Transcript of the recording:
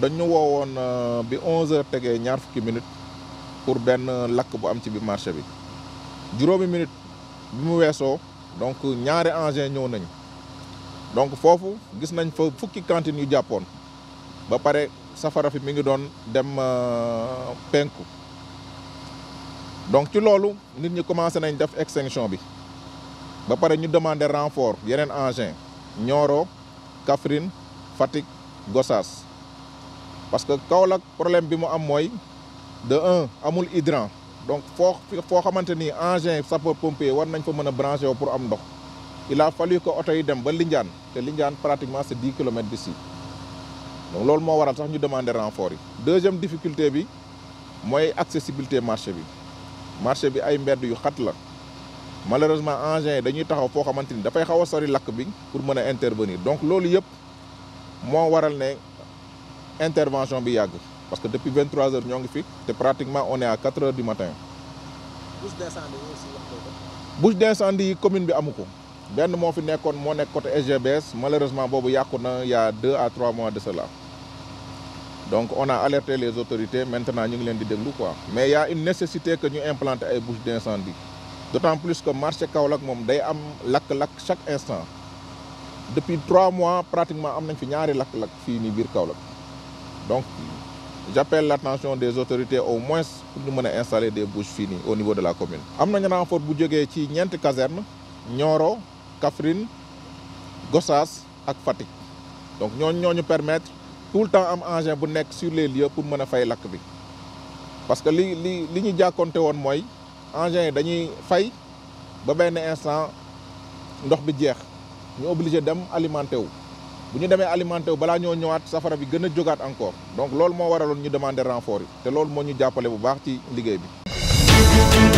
dañu wowon euh, bi 11 h tege ñaar fukki minute pour ben lak bu am ci bi marché bi juroomi minute bi mu wesso donc ñaari engin ñëw nañ donc fofu gis nañ fa fukki cantine yu japon ba pare safara fi mi ngi don dem euh, penku donc ci lolu nit ñi commencé nañ def extinction bi ba pare ñu demander renfort yenen engin ñoro Kaffrine fatik Gossas parce que le problème bi j'ai, am mooy de un amul hydrant donc il faut maintenir un engin sapeur pomper, il faut brancher pour am il a fallu que oto yi dem ba Lindiane te Lindiane pratiquement c'est 10 km d'ici donc c'est ce waral sax ñu demander renfort deuxième difficulté c'est l'accessibilité accessibilité marché bi marché bi ay mbedd yu malheureusement l'engin, il dañuy taxaw foo il faut dafay xaw a sori pour mën intervenir donc loolu yëpp moo waral ne intervention bi yag parce que depuis 23 heures ñong pratiquement on est à 4 heures du matin. bouche d'incendie aussi bouche d'incendie commune bi amuko Bien benn fi nekkoon mo côté SGBS malheureusement bobu yakuna il y a deux à trois mois de cela donc on a alerté les autorités maintenant ñu ngi di déglu quoi mais il y a une nécessité que nous implanter ay bouche d'incendie d'autant plus que marché Kaolack mom day am lak chaque instant depuis trois mois pratiquement am nañ fi ñaari lak lak fi donc, j'appelle l'attention des autorités au moins pour nous installer des bouches finies au niveau de la commune. am nañu renfort bu jógee ci ñeenti caserne Nioro Kafrine, Gossas ak Fatick donc nous ñoo ñu permettre tout le temps am engin sur les lieux pour nous faire la lakk parce que li li li ñu jàkkonte woon mooy engin yi dañuy fay ba benn instant ndox bi jeex ñu obligé alimenter bu ñu demee alimenté wu balaa ñoo ñëwaat safara bi gën a jógaat encore donc loolu moo waraloon ñu demander renfort yi te loolu moo ñu jàppale bu baax ci liggéey bi